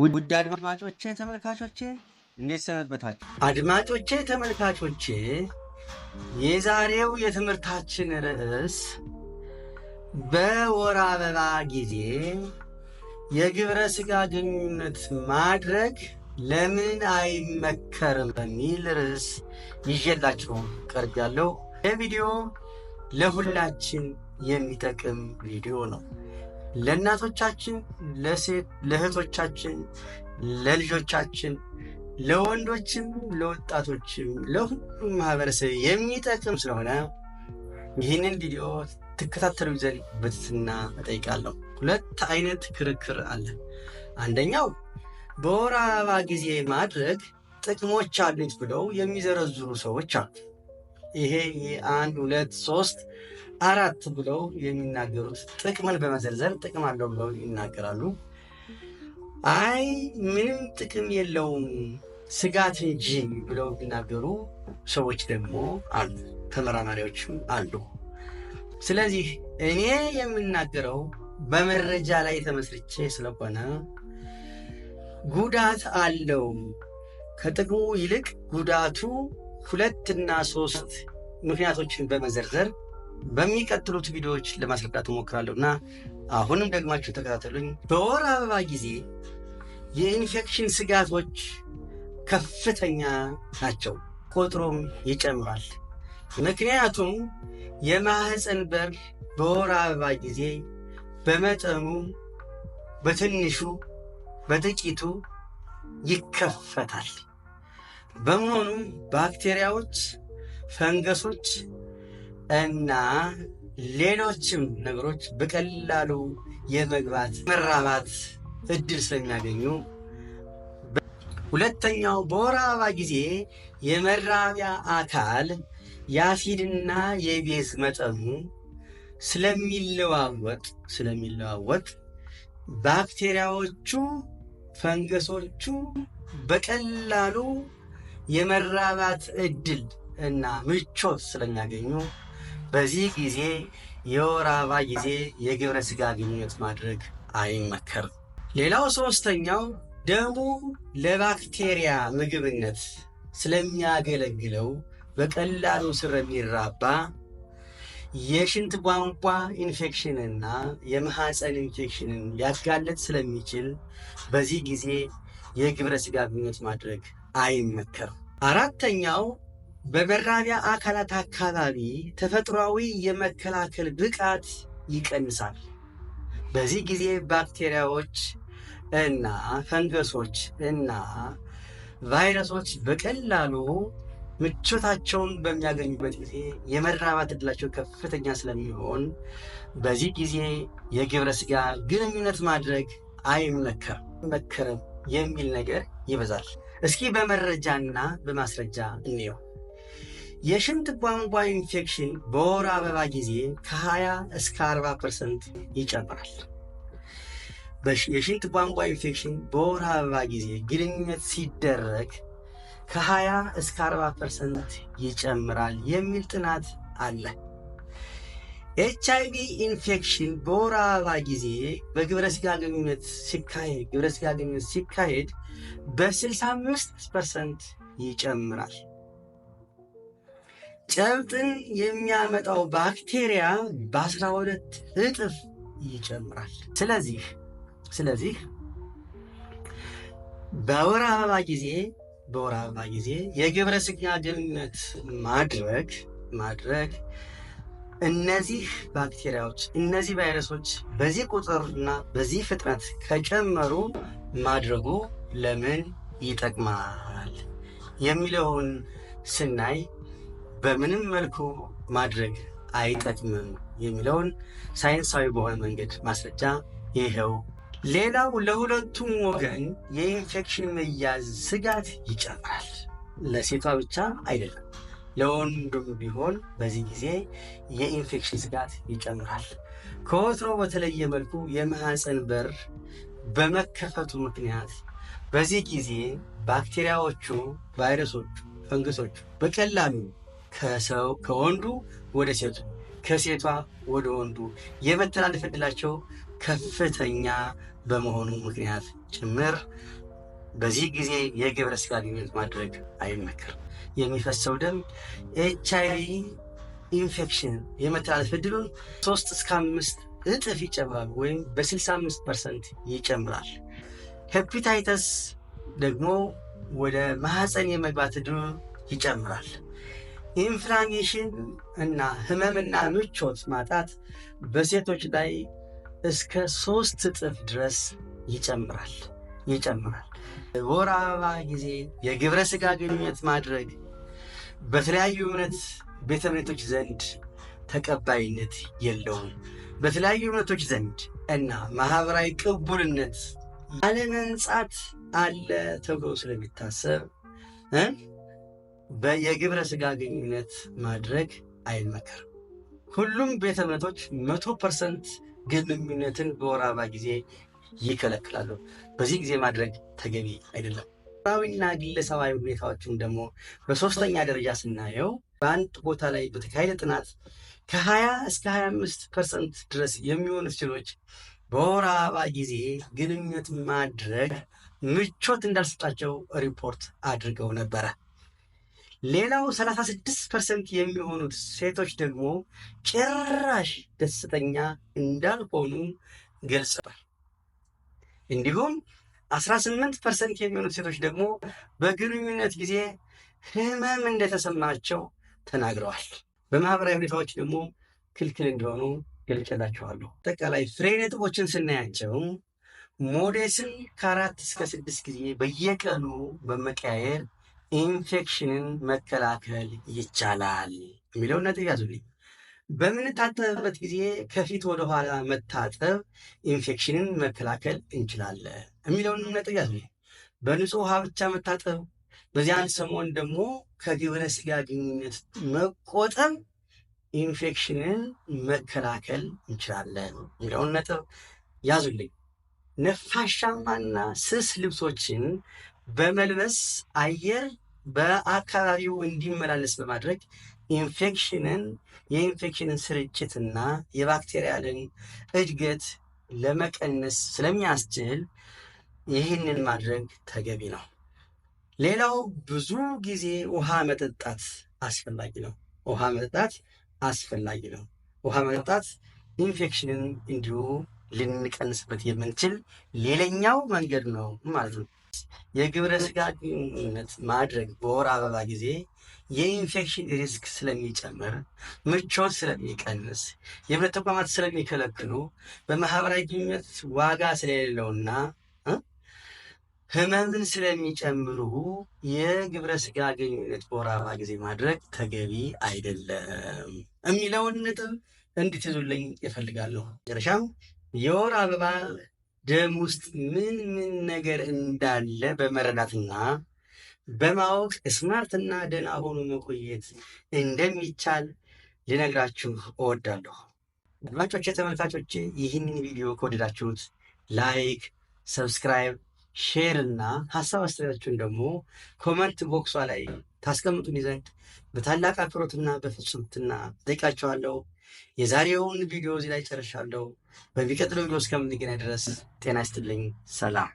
ውድ አድማጮቼ ተመልካቾቼ እንዴት ሰነበታችሁ? አድማጮቼ ተመልካቾቼ የዛሬው የትምህርታችን ርዕስ በወር አበባ ጊዜ የግብረ ስጋ ግንኙነት ማድረግ ለምን አይመከርም በሚል ርዕስ ይዤላችሁ ቀርብ ያለው የቪዲዮ ለሁላችን የሚጠቅም ቪዲዮ ነው። ለእናቶቻችን፣ ለሴት ለእህቶቻችን፣ ለልጆቻችን፣ ለወንዶችም፣ ለወጣቶችም ለሁሉም ማህበረሰብ የሚጠቅም ስለሆነ ይህንን ቪዲዮ ትከታተሉ ዘንድ በትህትና እጠይቃለሁ። ሁለት አይነት ክርክር አለ። አንደኛው በወር አበባ ጊዜ ማድረግ ጥቅሞች አሉት ብለው የሚዘረዝሩ ሰዎች አሉ። ይሄ የአንድ ሁለት ሶስት አራት ብለው የሚናገሩት ጥቅምን በመዘርዘር ጥቅም አለው ብለው ይናገራሉ። አይ ምንም ጥቅም የለውም ስጋት እንጂ ብለው የሚናገሩ ሰዎች ደግሞ አሉ፣ ተመራማሪዎችም አሉ። ስለዚህ እኔ የምናገረው በመረጃ ላይ ተመስርቼ ስለሆነ ጉዳት አለው ከጥቅሙ ይልቅ ጉዳቱ ሁለት እና ሶስት ምክንያቶችን በመዘርዘር በሚቀጥሉት ቪዲዮዎች ለማስረዳት እሞክራለሁ እና አሁንም ደግማችሁ ተከታተሉኝ። በወር አበባ ጊዜ የኢንፌክሽን ስጋቶች ከፍተኛ ናቸው፣ ቁጥሩም ይጨምራል። ምክንያቱም የማህፀን በር በወር አበባ ጊዜ በመጠኑ በትንሹ በጥቂቱ ይከፈታል። በመሆኑም ባክቴሪያዎች፣ ፈንገሶች እና ሌሎችም ነገሮች በቀላሉ የመግባት መራባት እድል ስለሚያገኙ፣ ሁለተኛው በወር አበባ ጊዜ የመራቢያ አካል የአሲድና የቤዝ መጠኑ ስለሚለዋወጥ ስለሚለዋወጥ ባክቴሪያዎቹ ፈንገሶቹ በቀላሉ የመራባት እድል እና ምቾት ስለሚያገኙ በዚህ ጊዜ የወር አበባ ጊዜ የግብረ ስጋ ግንኙነት ማድረግ አይመከርም። ሌላው ሶስተኛው ደሙ ለባክቴሪያ ምግብነት ስለሚያገለግለው በቀላሉ ስር የሚራባ የሽንት ቧንቧ ኢንፌክሽንና የመሐፀን ኢንፌክሽንን ሊያጋለጥ ስለሚችል በዚህ ጊዜ የግብረ ስጋ ግንኙነት ማድረግ አይመከርም። አራተኛው በመራቢያ አካላት አካባቢ ተፈጥሯዊ የመከላከል ብቃት ይቀንሳል። በዚህ ጊዜ ባክቴሪያዎች እና ፈንገሶች እና ቫይረሶች በቀላሉ ምቾታቸውን በሚያገኙበት ጊዜ የመራባት እድላቸው ከፍተኛ ስለሚሆን በዚህ ጊዜ የግብረ ስጋ ግንኙነት ማድረግ አይመከርም። የሚል ነገር ይበዛል። እስኪ በመረጃና በማስረጃ እንየው። የሽንት ቧንቧ ኢንፌክሽን በወር አበባ ጊዜ ከ20 እስከ 40 ፐርሰንት ይጨምራል። የሽንት ቧንቧ ኢንፌክሽን በወር አበባ ጊዜ ግንኙነት ሲደረግ ከ20 እስከ 40 ፐርሰንት ይጨምራል የሚል ጥናት አለ። ኤች አይ ቪ ኢንፌክሽን በወር አበባ ጊዜ በግብረ ስጋ ግንኙነት ሲካሄድ ግብረ ስጋ ግንኙነት ሲካሄድ በ65 ፐርሰንት ይጨምራል። ጨብጥን የሚያመጣው ባክቴሪያ በ12 እጥፍ ይጨምራል። ስለዚህ ስለዚህ በወር አበባ ጊዜ በወር አበባ ጊዜ የግብረ ስጋ ግንኙነት ማድረግ ማድረግ እነዚህ ባክቴሪያዎች እነዚህ ቫይረሶች በዚህ ቁጥርና በዚህ ፍጥነት ከጨመሩ ማድረጉ ለምን ይጠቅማል የሚለውን ስናይ በምንም መልኩ ማድረግ አይጠቅምም የሚለውን ሳይንሳዊ በሆነ መንገድ ማስረጃ ይኸው። ሌላው ለሁለቱም ወገን የኢንፌክሽን መያዝ ስጋት ይጨምራል። ለሴቷ ብቻ አይደለም። ለወንዱም ቢሆን በዚህ ጊዜ የኢንፌክሽን ስጋት ይጨምራል። ከወትሮ በተለየ መልኩ የማህፀን በር በመከፈቱ ምክንያት በዚህ ጊዜ ባክቴሪያዎቹ፣ ቫይረሶቹ፣ ፈንገሶቹ በቀላሉ ከሰው ከወንዱ ወደ ሴቱ ከሴቷ ወደ ወንዱ የመተላለፍ ዕድላቸው ከፍተኛ በመሆኑ ምክንያት ጭምር በዚህ ጊዜ የግብረ ስጋ ግንኙነት ማድረግ አይመከርም። የሚፈሰው ደም ኤች አይቪ ኢንፌክሽን የመተላለፍ እድሉን ሶስት እስከ አምስት እጥፍ ይጨምራል ወይም በ65 ፐርሰንት ይጨምራል። ሄፒታይተስ ደግሞ ወደ ማህፀን የመግባት እድሉ ይጨምራል። ኢንፍላሜሽን እና ህመምና ምቾት ማጣት በሴቶች ላይ እስከ ሶስት እጥፍ ድረስ ይጨምራል ይጨምራል። ወር አበባ ጊዜ የግብረ ስጋ ግንኙነት ማድረግ በተለያዩ እምነት ቤተ እምነቶች ዘንድ ተቀባይነት የለውም። በተለያዩ እምነቶች ዘንድ እና ማህበራዊ ቅቡልነት አለመንጻት አለ ተብሎ ስለሚታሰብ የግብረ ስጋ ግንኙነት ማድረግ አይመከርም። ሁሉም ቤተ እምነቶች መቶ ፐርሰንት ግንኙነትን በወር አበባ ጊዜ ይከለክላሉ። በዚህ ጊዜ ማድረግ ተገቢ አይደለም። ራዊና ግለሰባዊ ሁኔታዎችም ደግሞ በሶስተኛ ደረጃ ስናየው በአንድ ቦታ ላይ በተካሄደ ጥናት ከ እስከ እስከ 25 ፐርሰንት ድረስ የሚሆኑ ሴቶች በወር አበባ ጊዜ ግንኙነት ማድረግ ምቾት እንዳልሰጣቸው ሪፖርት አድርገው ነበረ። ሌላው 36 ፐርሰንት የሚሆኑት ሴቶች ደግሞ ጭራሽ ደስተኛ እንዳልሆኑ ገልጸዋል። እንዲሁም 18 ፐርሰንት የሚሆኑት ሴቶች ደግሞ በግንኙነት ጊዜ ህመም እንደተሰማቸው ተናግረዋል። በማህበራዊ ሁኔታዎች ደግሞ ክልክል እንደሆኑ ገልጬላችኋለሁ። አጠቃላይ ፍሬ ነጥቦችን ስናያቸው ሞዴስን ከአራት እስከ ስድስት ጊዜ በየቀኑ በመቀያየር ኢንፌክሽንን መከላከል ይቻላል የሚለውን ነጥብ ያዙልኝ። በምንታጠብበት ጊዜ ከፊት ወደኋላ መታጠብ ኢንፌክሽንን መከላከል እንችላለን የሚለውን ነጥብ ያዙ። በንጹህ ውሃ ብቻ መታጠብ፣ በዚያን ሰሞን ደግሞ ከግብረ ስጋ ግንኙነት መቆጠብ ኢንፌክሽንን መከላከል እንችላለን የሚለውን ነጥብ ያዙልኝ። ነፋሻማና ስስ ልብሶችን በመልበስ አየር በአካባቢው እንዲመላለስ በማድረግ ኢንፌክሽንን የኢንፌክሽንን ስርጭትና የባክቴሪያልን እድገት ለመቀነስ ስለሚያስችል ይህንን ማድረግ ተገቢ ነው። ሌላው ብዙ ጊዜ ውሃ መጠጣት አስፈላጊ ነው። ውሃ መጠጣት አስፈላጊ ነው። ውሃ መጠጣት ኢንፌክሽንን እንዲሁ ልንቀንስበት የምንችል ሌላኛው መንገድ ነው ማለት ነው። የግብረ ስጋ ግንኙነት ማድረግ በወር አበባ ጊዜ የኢንፌክሽን ሪስክ ስለሚጨምር፣ ምቾት ስለሚቀንስ፣ የህብረት ተቋማት ስለሚከለክሉ፣ በማህበራዊ ግንኙነት ዋጋ ስለሌለውና ህመምን ስለሚጨምሩ የግብረ ስጋ ግንኙነት በወር አበባ ጊዜ ማድረግ ተገቢ አይደለም የሚለውን ነጥብ እንድትይዙልኝ እፈልጋለሁ። መጨረሻም የወር አበባ ደም ውስጥ ምን ምን ነገር እንዳለ በመረዳትና በማወቅ ስማርትና ደህና ሆኖ መቆየት እንደሚቻል ልነግራችሁ እወዳለሁ። አድማቾች ተመልካቾች ይህንን ቪዲዮ ከወደዳችሁት ላይክ፣ ሰብስክራይብ፣ ሼር እና ሀሳብ አስተያየታችሁን ደግሞ ኮመንት ቦክሷ ላይ ታስቀምጡን ዘንድ በታላቅ አክብሮትና በፍጹምትና ጠይቃችኋለሁ። የዛሬውን ቪዲዮ እዚህ ላይ ጨርሻለሁ። በሚቀጥለው ቪዲዮ እስከምንገናኝ ድረስ ጤና ይስጥልኝ። ሰላም